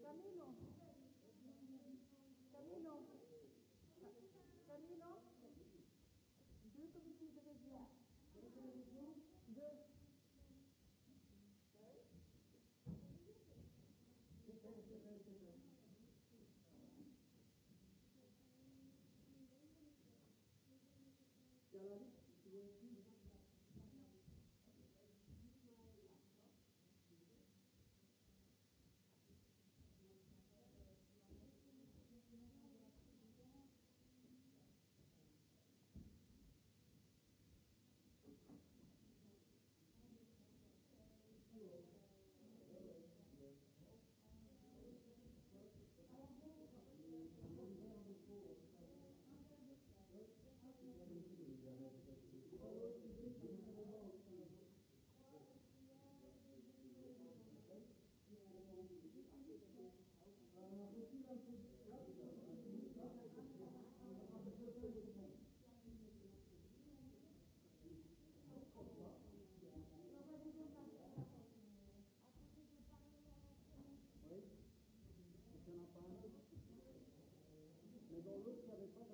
Camilo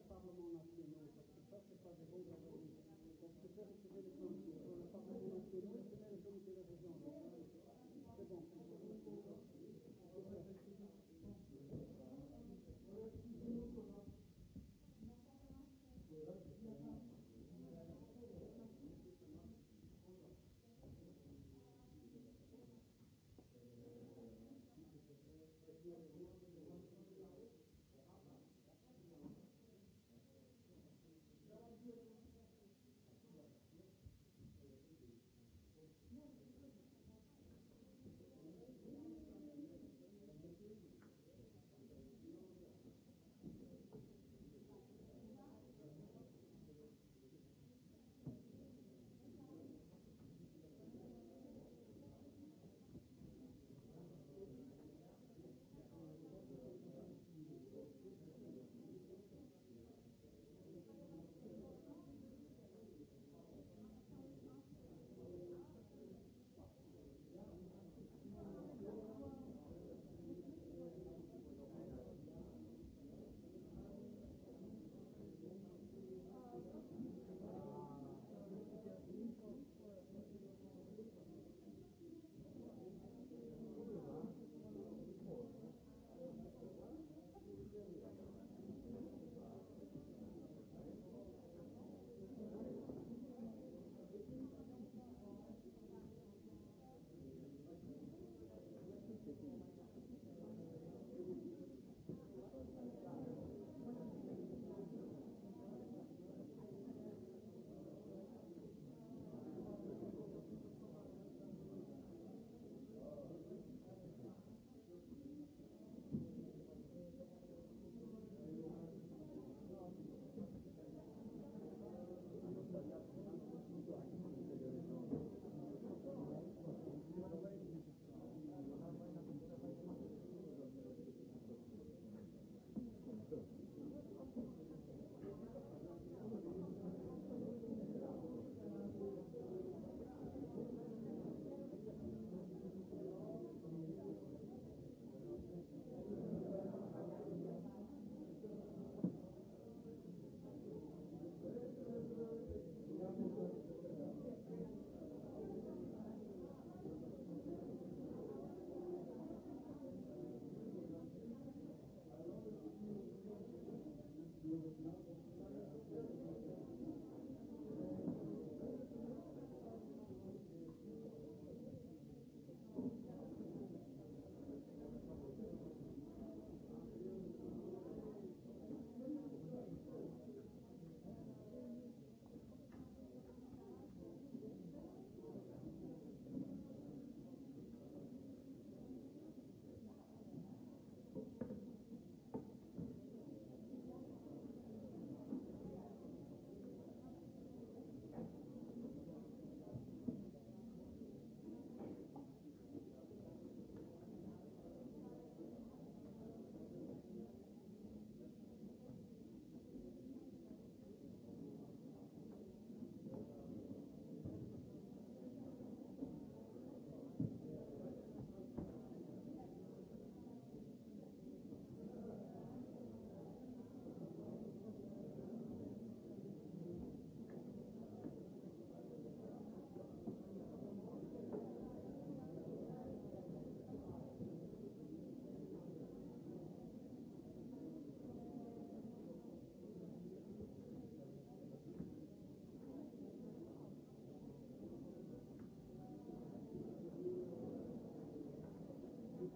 Parlement nationaux, parce que ça, c'est pas des bons arguments. Donc, c'est faire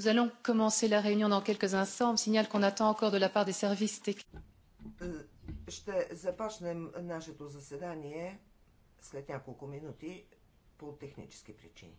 Nous allons commencer la réunion dans quelques instants. On signale qu'on attend encore de la part des services techniques. Ще започнем нашето заседание след няколко минути по технически причини.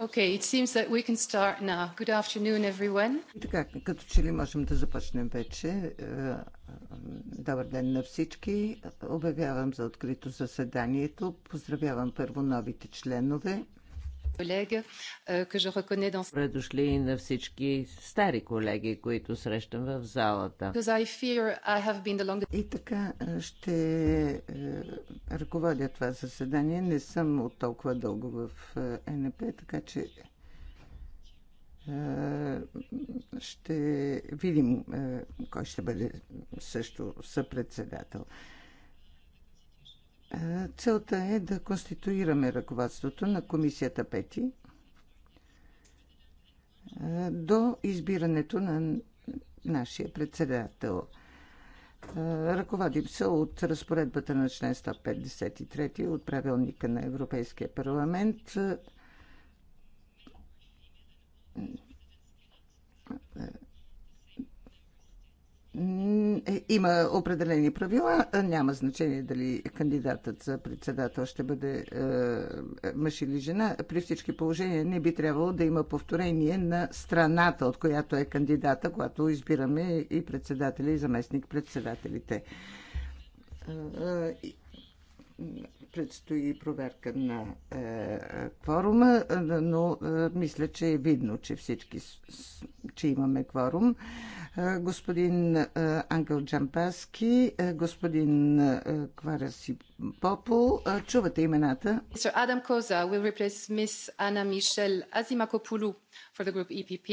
Okay, it seems that we can start now. Good afternoon, everyone. Така, като че ли можем да започнем вече. Е, е, добър ден на всички. Обявявам за открито заседанието. Поздравявам първо новите членове. Колега, е, dans... Предошли на всички стари колеги, които срещам в залата. I I long... И така ще ръководя това заседание. Не съм от толкова дълго в е, НП, така че е, ще видим е, кой ще бъде също съпредседател. Целта е да конституираме ръководството на комисията Пети до избирането на нашия председател – Ръководим се от разпоредбата на член 153 от правилника на Европейския парламент. Е, има определени правила, няма значение дали кандидатът за председател ще бъде е, е, мъж или жена. При всички положения не би трябвало да има повторение на страната, от която е кандидата, когато избираме и председателя и заместник председателите е, предстои проверка на е, кворума, но е, мисля, че е видно, че всички, с, че имаме кворум. Е, господин е, Ангел Джампаски, е, господин е, Квараси Попо, е, чувате имената. Mr. Adam Коза will replace Miss Anna Michelle Azimakopoulou for the group EPP.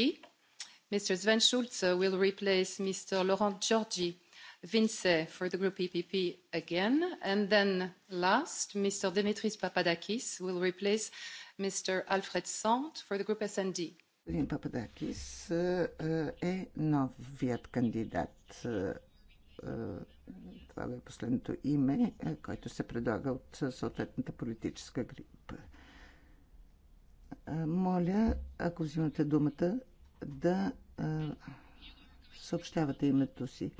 Mr. Sven Schulze will replace Mr. Laurent Georgi Vince for the group EPP again. And then last, Mr. Dimitris Papadakis will replace Mr. Alfred Sant for the group S&D. Господин Пападакис е, е новият кандидат. Е, е, това е последното име, който се предлага от съответната политическа група. Моля, ако взимате думата, да съобщавате името си.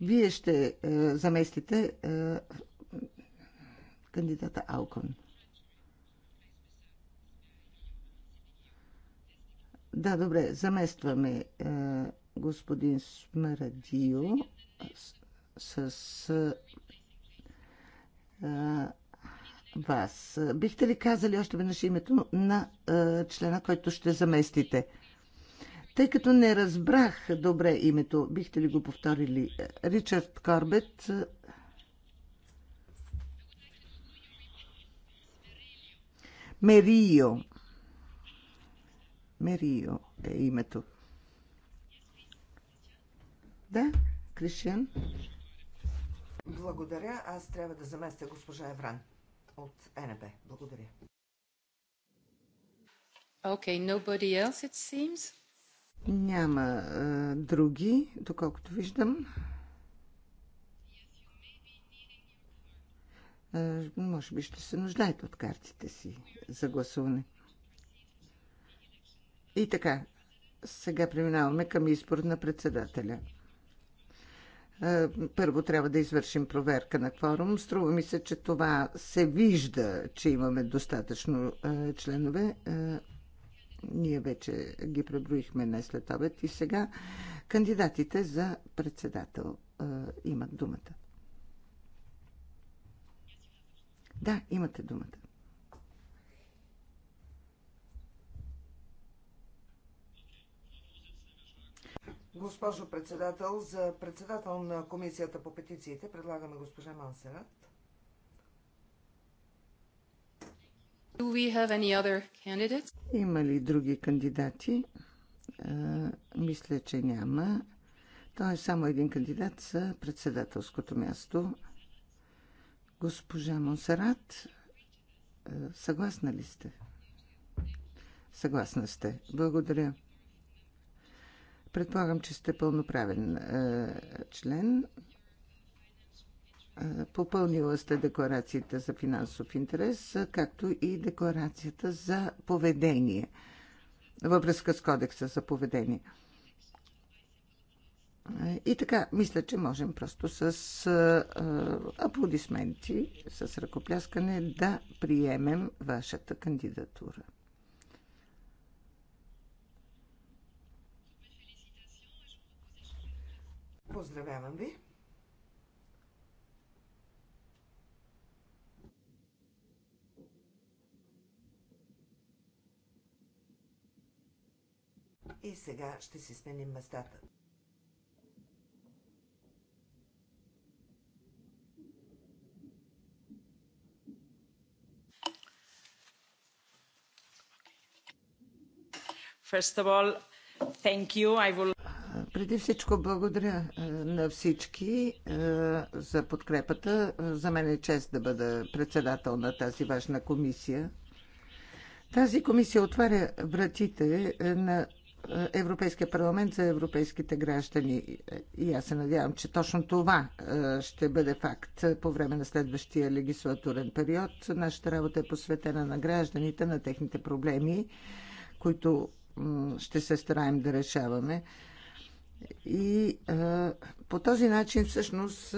Вие ще е, заместите е, кандидата Алкон. Да, добре, заместваме е, господин Смарадио с, с е, вас. Бихте ли казали още веднъж името на е, члена, който ще заместите? Тъй като не разбрах добре името, бихте ли го повторили? Ричард Корбет. Мерио. Мерио е името. Да, Кришен. Благодаря. Аз трябва да заместя госпожа Евран от НБ. Благодаря. Okay, nobody else it seems. Няма а, други, доколкото виждам. А, може би ще се нуждаете от картите си за гласуване. И така, сега преминаваме към избор на председателя. Първо трябва да извършим проверка на кворум. Струва ми се, че това се вижда, че имаме достатъчно членове. Ние вече ги преброихме не след обед и сега кандидатите за председател а, имат думата. Да, имате думата. Госпожо председател, за председател на Комисията по петициите предлагаме госпожа Мансерат. Има ли други кандидати? А, мисля, че няма. Той е само един кандидат за председателското място. Госпожа Монсерат, съгласна ли сте? Съгласна сте. Благодаря. Предполагам, че сте пълноправен член Попълнила сте декларацията за финансов интерес, както и декларацията за поведение във връзка с кодекса за поведение. И така, мисля, че можем просто с аплодисменти, с ръкопляскане да приемем вашата кандидатура. Поздравявам ви! И сега ще си сменим местата. First of all, thank you. I will... Преди всичко благодаря е, на всички е, за подкрепата. За мен е чест да бъда председател на тази важна комисия. Тази комисия отваря вратите е, на е, Европейския парламент за европейските граждани. И аз се надявам, че точно това е, ще бъде факт по време на следващия легислатурен период. Нашата работа е посветена на гражданите, на техните проблеми, които ще се стараем да решаваме. И е, по този начин всъщност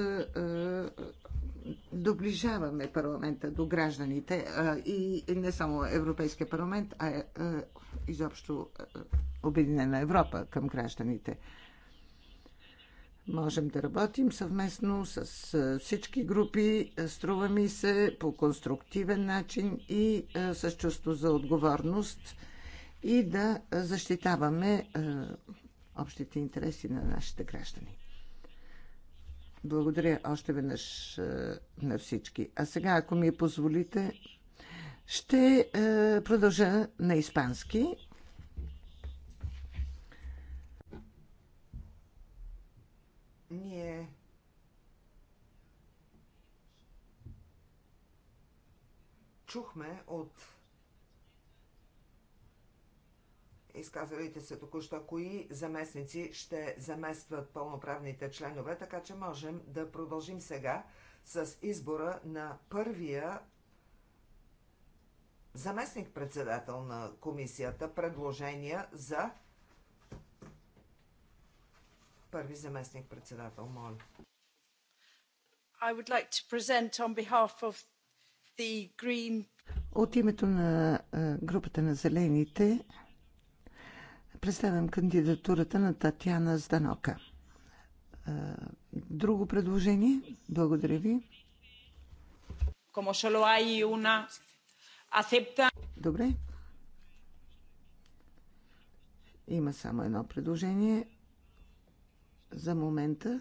доближаваме парламента до гражданите и не само Европейския парламент, а изобщо Обединена Европа към гражданите. Можем да работим съвместно с всички групи, струва ми се, по конструктивен начин и с чувство за отговорност и да защитаваме общите интереси на нашите граждани. Благодаря още веднъж е, на всички. А сега, ако ми позволите, ще е, продължа на испански. Ние. Чухме от изказалите се току-що, кои заместници ще заместват пълноправните членове, така че можем да продължим сега с избора на първия заместник-председател на комисията предложения за първи заместник-председател, моля. I would like to present on behalf of the Green... От името на групата на зелените Представям кандидатурата на Татьяна Зданока. Е, друго предложение? Благодаря ви. Добре. Има само едно предложение за момента.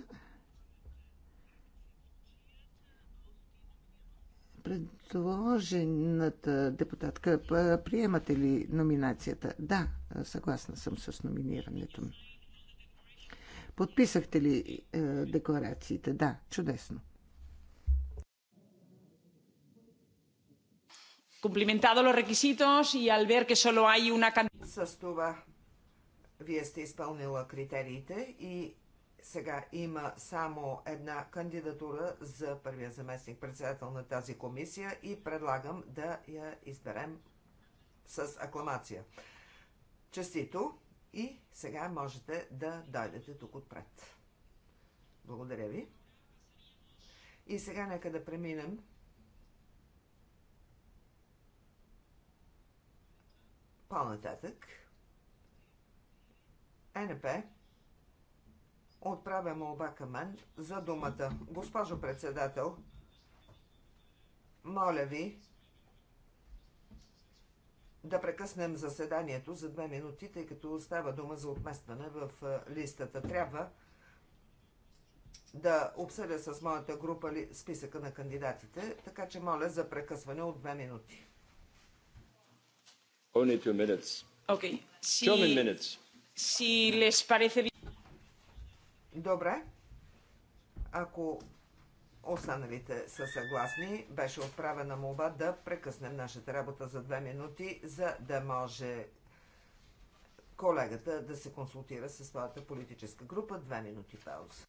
предложената депутатка, приемате ли номинацията? Да, съгласна съм с номинирането. Подписахте ли е, декларациите? Да, чудесно. Комплиментадо ло реквизитос и ал вер ке соло hay уна С това вие сте изпълнила критериите и сега има само една кандидатура за първия заместник председател на тази комисия и предлагам да я изберем с акламация. Честито и сега можете да дойдете тук отпред. Благодаря ви. И сега нека да преминем по-нататък. Е НП отправя молба към мен за думата. Госпожо председател, моля ви да прекъснем заседанието за две минути, тъй като става дума за отместване в е, листата. Трябва да обсъдя с моята група списъка на кандидатите, така че моля за прекъсване от две минути. Only two minutes. Okay. Si, minutes. Si les parece... Добре. Ако останалите са съгласни, беше отправена молба да прекъснем нашата работа за две минути, за да може колегата да се консултира със своята политическа група. Две минути пауза.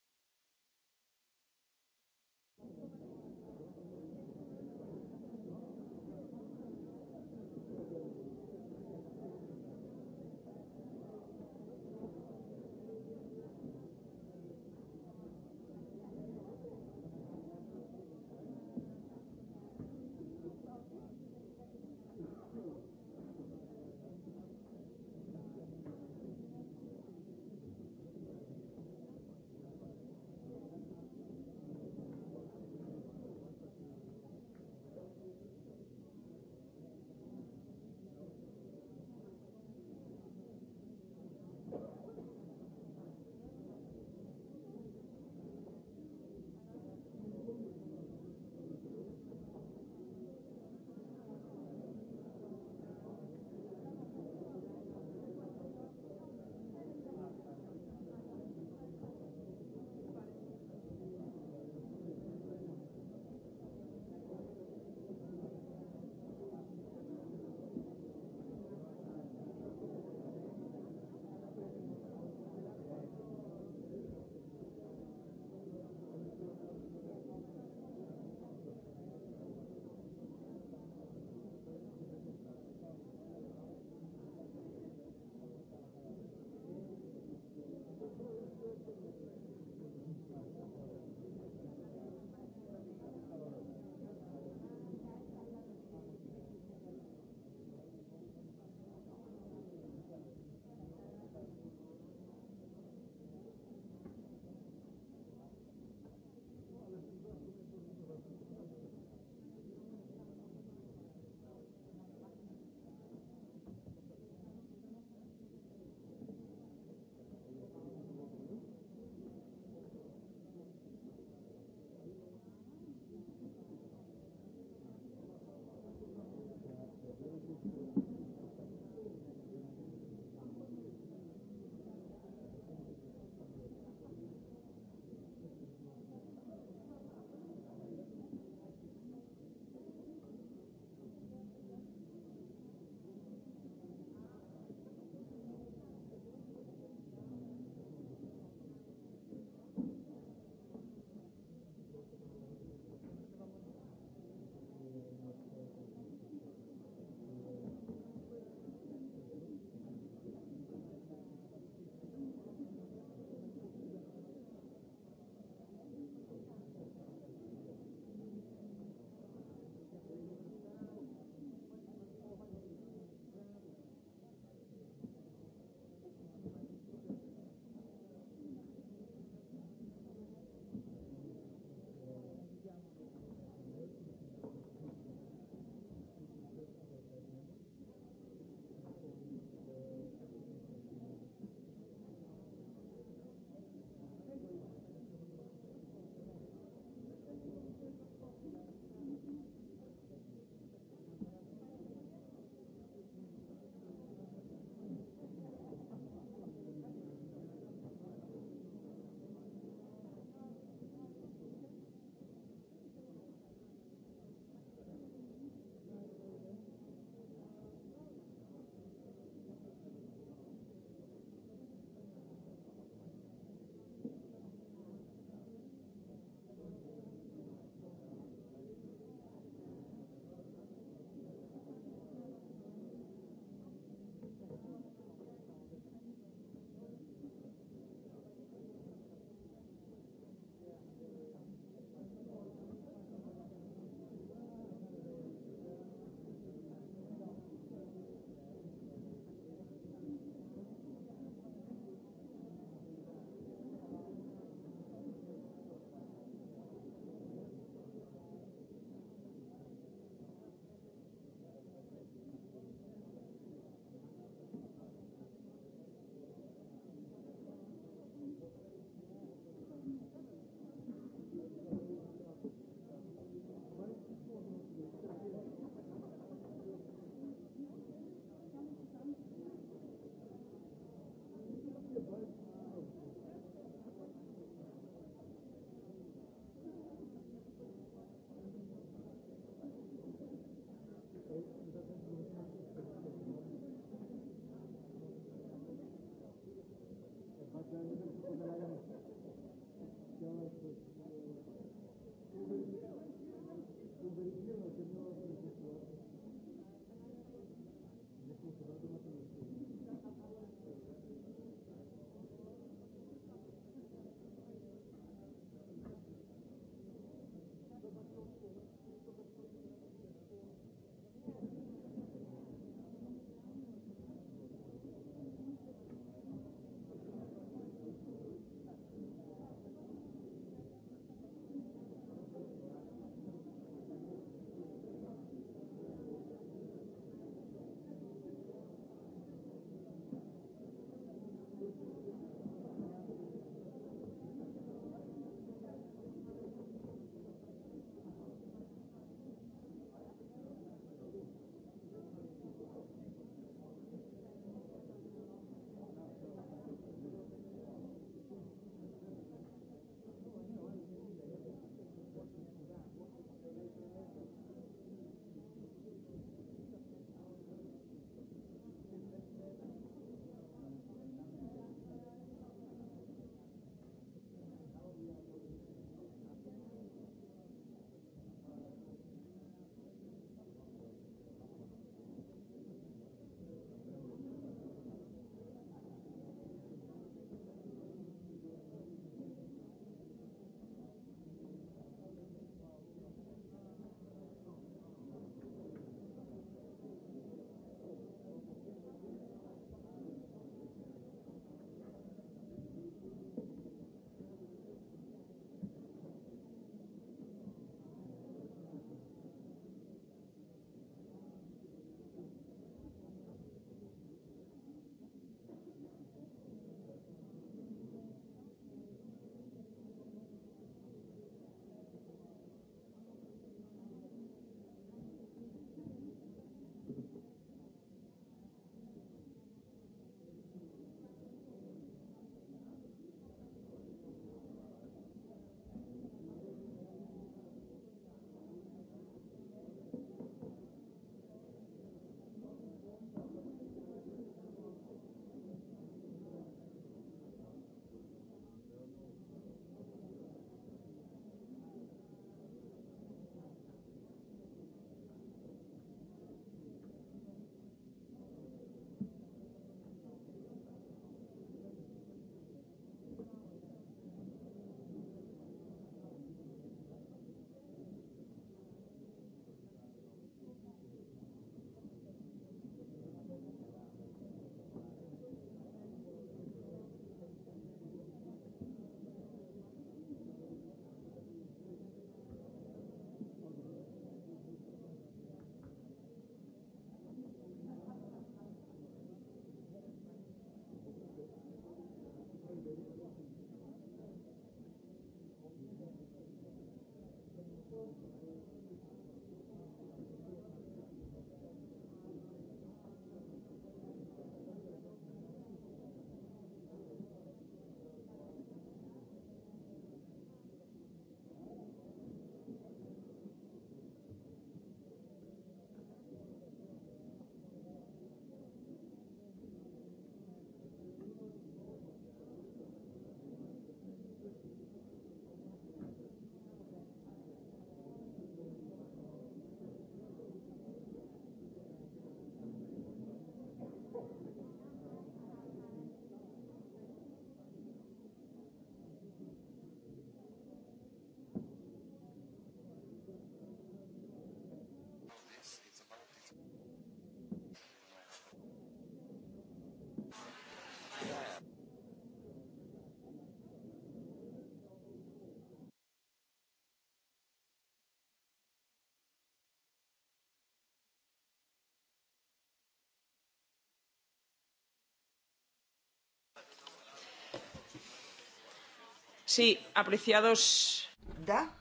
Sí, apreciados. Да,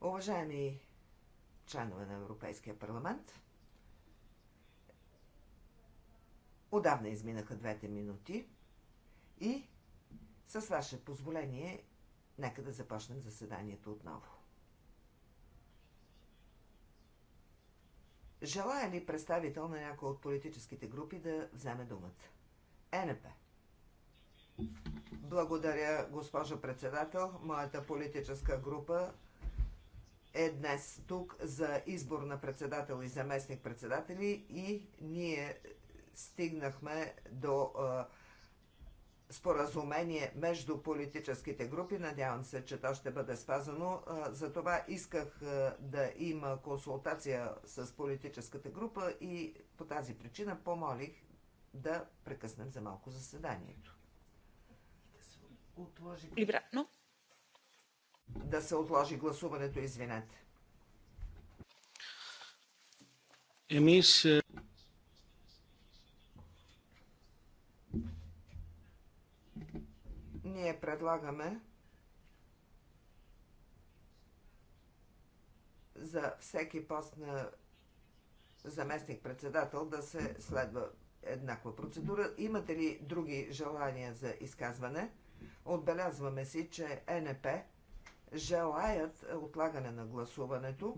уважаеми членове на Европейския парламент, отдавна изминаха двете минути и с ваше позволение нека да започнем заседанието отново. Желая ли представител на някоя от политическите групи да вземе думата? Е, НП. Благодаря, госпожо председател. Моята политическа група е днес тук за избор на председател и заместник председатели и ние стигнахме до а, споразумение между политическите групи. Надявам се, че то ще бъде спазано. Затова исках да има консултация с политическата група и по тази причина помолих да прекъснем за малко заседанието отложи... Да се отложи гласуването, извинете. се... Ние предлагаме за всеки пост на заместник-председател да се следва еднаква процедура. Имате ли други желания за изказване? Отбелязваме си, че НП желаят отлагане на гласуването.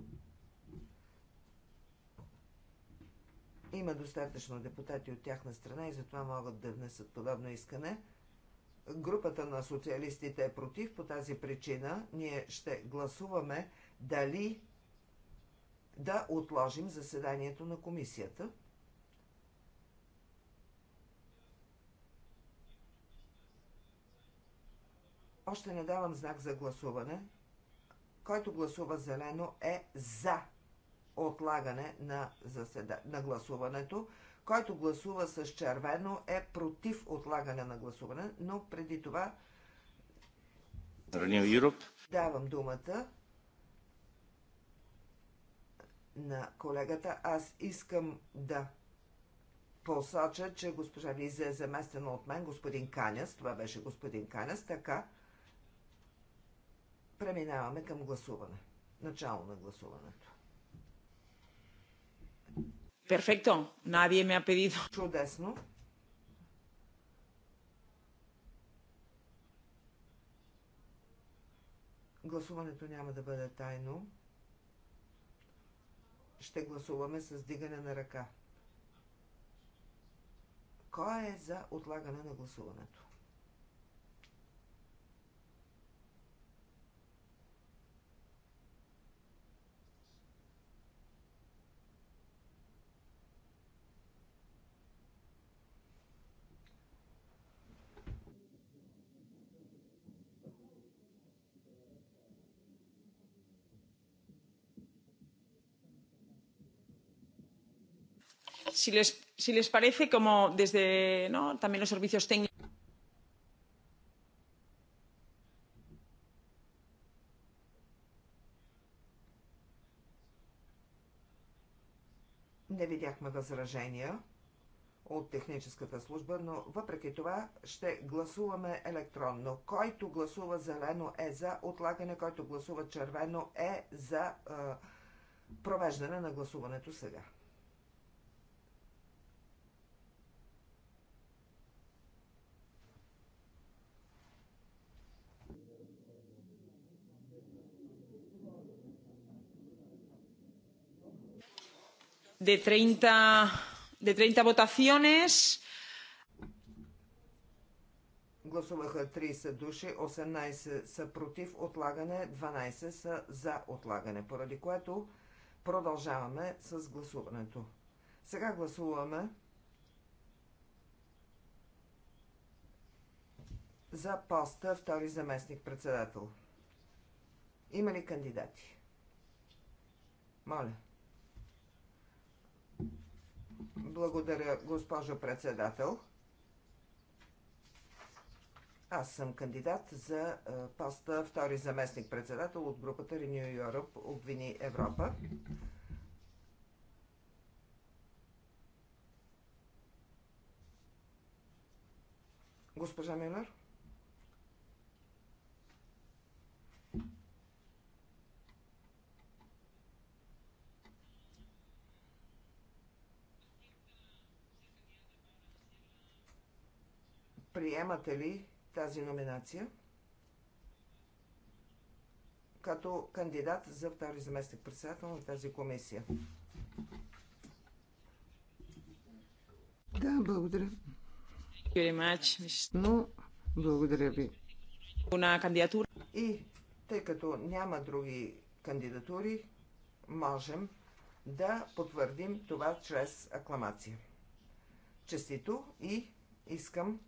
Има достатъчно депутати от тяхна страна и затова могат да внесат подобно искане. Групата на социалистите е против по тази причина. Ние ще гласуваме дали да отложим заседанието на комисията. Още не давам знак за гласуване. Който гласува зелено е за отлагане на, заседа... на гласуването. Който гласува с червено е против отлагане на гласуване, но преди това давам думата на колегата. Аз искам да посоча, че госпожа Визе е заместена от мен, господин Каняс, това беше господин Каняс, така Преминаваме към гласуване. Начало на гласуването. Перфекто. Надие ме апедито. Чудесно. Гласуването няма да бъде тайно. Ще гласуваме с дигане на ръка. Кой е за отлагане на гласуването? si les parece, como desde también los servicios técnicos. Не видяхме възражения от техническата служба, но въпреки това ще гласуваме електронно. Който гласува зелено е за отлагане, който гласува червено е за е, провеждане на гласуването сега. de 30, de 30 votaciones. Гласуваха 30 души, 18 са против отлагане, 12 са за отлагане, поради което продължаваме с гласуването. Сега гласуваме за поста втори заместник председател. Има ли кандидати? Моля. Благодаря, госпожо председател. Аз съм кандидат за поста втори заместник председател от групата Renew Europe Обвини Европа. Госпожа Милер? Приемате ли тази номинация като кандидат за втори заместник председател на тази комисия? Да, благодаря. Но благодаря ви. И тъй като няма други кандидатури, можем да потвърдим това чрез акламация. Честито и искам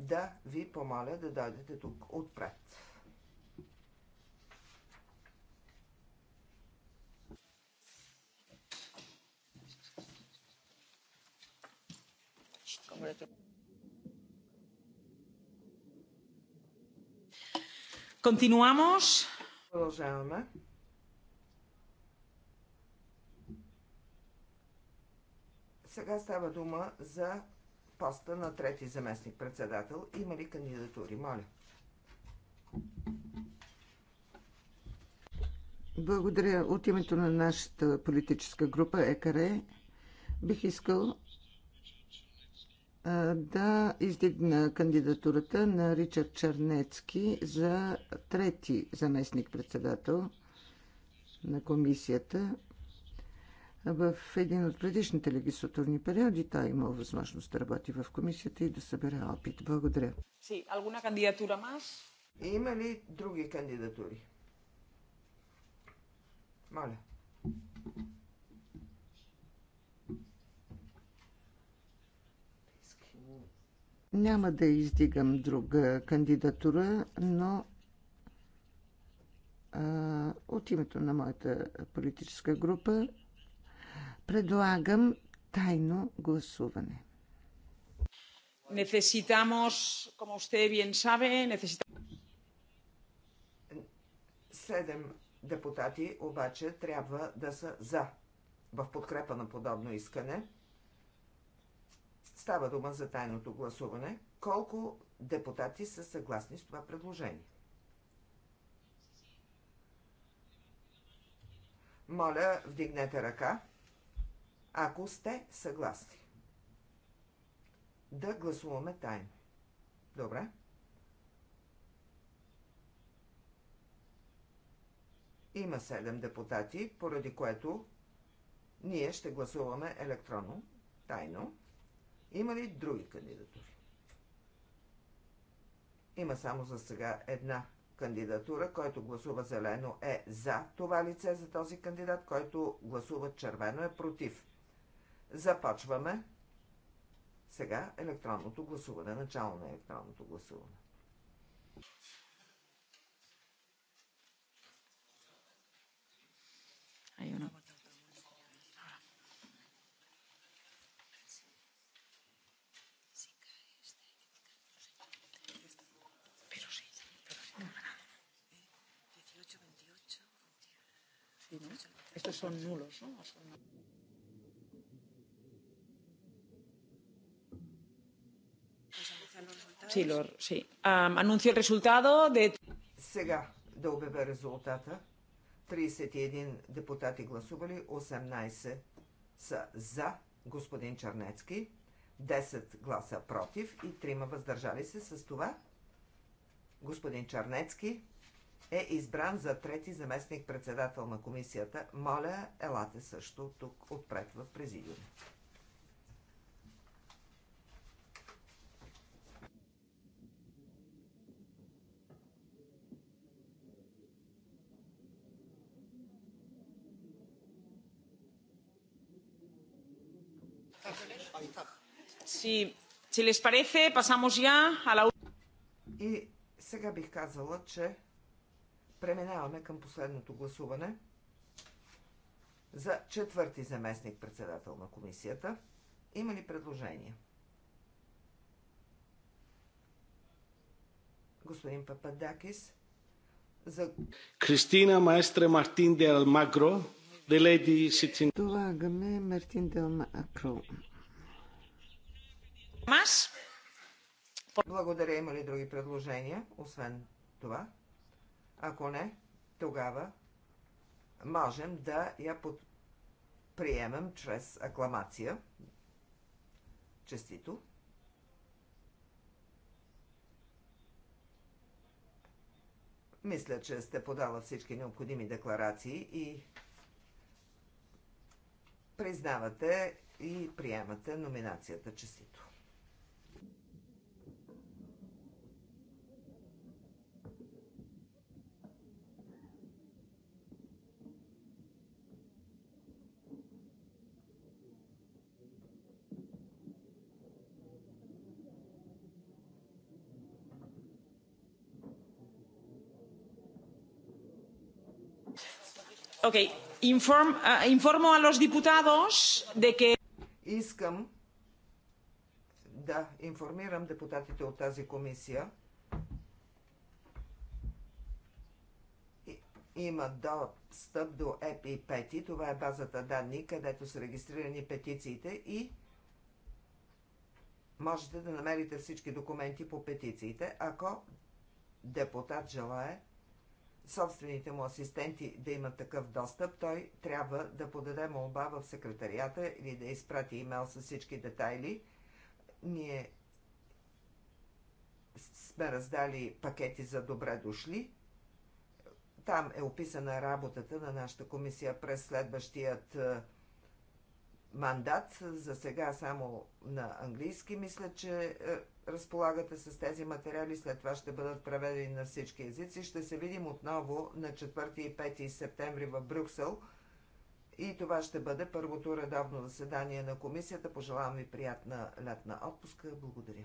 да ви помоля да дойдете тук отпред. Continuamos. Продължаваме. Сега става дума за поста на трети заместник председател. Има ли кандидатури? Моля. Благодаря. От името на нашата политическа група ЕКАРЕ бих искал да издигна кандидатурата на Ричард Чернецки за трети заместник председател на комисията в един от предишните легислатурни периоди той е имал възможност да работи в комисията и да събере опит. Благодаря. Sí, alguna кандидатура мас. Има ли други кандидатури? Моля. Няма да издигам друга кандидатура, но а, от името на моята политическа група Предлагам тайно гласуване. Necesitamos, como usted bien sabe, necesitamos... Седем депутати обаче трябва да са за в подкрепа на подобно искане. Става дума за тайното гласуване. Колко депутати са съгласни с това предложение? Моля, вдигнете ръка ако сте съгласни. Да гласуваме тайно. Добре? Има 7 депутати, поради което ние ще гласуваме електронно, тайно. Има ли други кандидатури? Има само за сега една кандидатура, който гласува зелено е за това лице, за този кандидат, който гласува червено е против. Започваме. Сега електронното гласуване, начало на електронното гласуване. Estos son nulos, ¿no? Son... sí. Um, el resultado de... Сега да обявя резултата. 31 депутати гласували, 18 са за господин Чернецки, 10 гласа против и 3 въздържали се. С това господин Чернецки е избран за трети заместник председател на комисията. Моля, елате също тук отпред в президиума. Si, les parece, pasamos ya a la... И сега бих казала, че преминаваме към последното гласуване за четвърти заместник председател на комисията. Има ли предложения? Господин Пападакис. За... Кристина Маестре Мартин де Алмагро, де леди Сицин. Долагаме Мартин де Алмагро. Благодаря. Има ли други предложения, освен това? Ако не, тогава можем да я под... приемем чрез акламация. Честито! Мисля, че сте подала всички необходими декларации и признавате и приемате номинацията честито. Okay. Inform, uh, informo a los diputados de que... Искам да информирам депутатите от тази комисия. Има достъп до ЕПИ 5, това е базата данни, където са регистрирани петициите и можете да намерите всички документи по петициите, ако депутат желая собствените му асистенти да имат такъв достъп, той трябва да подаде молба в секретарията или да изпрати имейл с всички детайли. Ние сме раздали пакети за добре дошли. Там е описана работата на нашата комисия през следващият е, мандат, за сега само на английски, мисля, че е, разполагате с тези материали, след това ще бъдат преведени на всички езици. Ще се видим отново на 4 и 5 септември в Брюксел и това ще бъде първото редовно заседание на комисията. Пожелавам ви приятна лятна отпуска. Благодаря.